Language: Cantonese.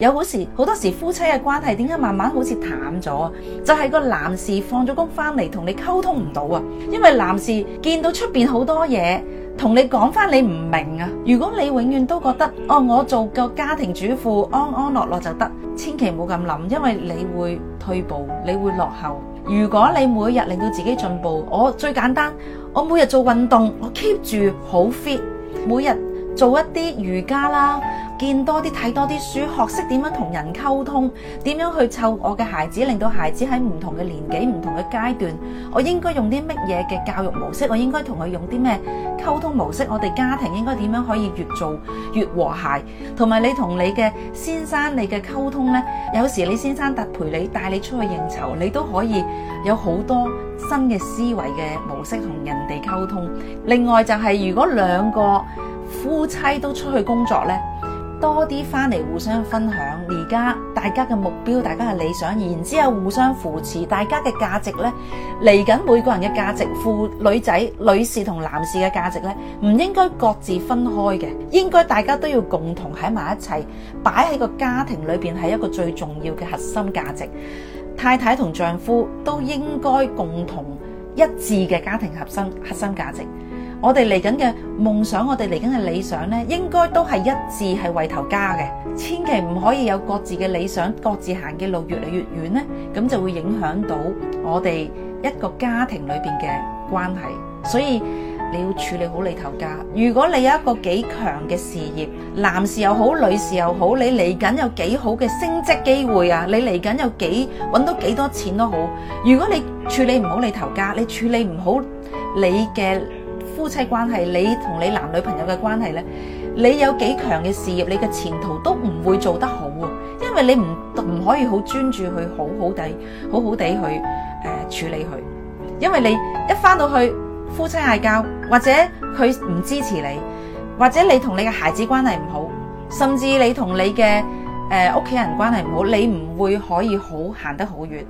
有好時好多時，夫妻嘅關係點解慢慢好似淡咗啊？就係、是、個男士放咗工翻嚟同你溝通唔到啊，因為男士見到出邊好多嘢，同你講翻你唔明啊。如果你永遠都覺得哦，我做個家庭主婦安安樂樂就得，千祈唔好咁諗，因為你會退步，你會落後。如果你每日令到自己進步，我最簡單，我每日做運動，我 keep 住好 fit，每日做一啲瑜伽啦。見多啲，睇多啲書，學識點樣同人溝通，點樣去湊我嘅孩子，令到孩子喺唔同嘅年紀、唔同嘅階段，我應該用啲乜嘢嘅教育模式？我應該同佢用啲咩溝通模式？我哋家庭應該點樣可以越做越和諧？同埋你同你嘅先生，你嘅溝通呢？有時你先生特陪你帶你出去應酬，你都可以有好多新嘅思維嘅模式同人哋溝通。另外就係，如果兩個夫妻都出去工作呢，多啲翻嚟互相分享，而家大家嘅目標、大家嘅理想，然之後互相扶持，大家嘅價值呢，嚟緊每個人嘅價值，婦女仔、女士同男士嘅價值呢，唔應該各自分開嘅，應該大家都要共同喺埋一齊，擺喺個家庭裏邊係一個最重要嘅核心價值。太太同丈夫都應該共同一致嘅家庭核心核心價值。我哋嚟緊嘅夢想，我哋嚟緊嘅理想呢，應該都係一致，係為頭家嘅，千祈唔可以有各自嘅理想，各自行嘅路越嚟越遠呢，咁就會影響到我哋一個家庭裏邊嘅關係。所以你要處理好你頭家。如果你有一個幾強嘅事業，男士又好，女士又好，你嚟緊有幾好嘅升職機會啊，你嚟緊有幾搵到幾多錢都好。如果你處理唔好你頭家，你處理唔好你嘅。夫妻關係，你同你男女朋友嘅關係呢？你有幾強嘅事業，你嘅前途都唔會做得好！因為你唔唔可以好專注去好好地好好地去，呃、處理佢，因為你一返到去夫妻嗌交，或者佢唔支持你，或者你同你嘅孩子關係唔好，甚至你同你嘅誒屋企人關係唔好，你唔會可以好行得好遠。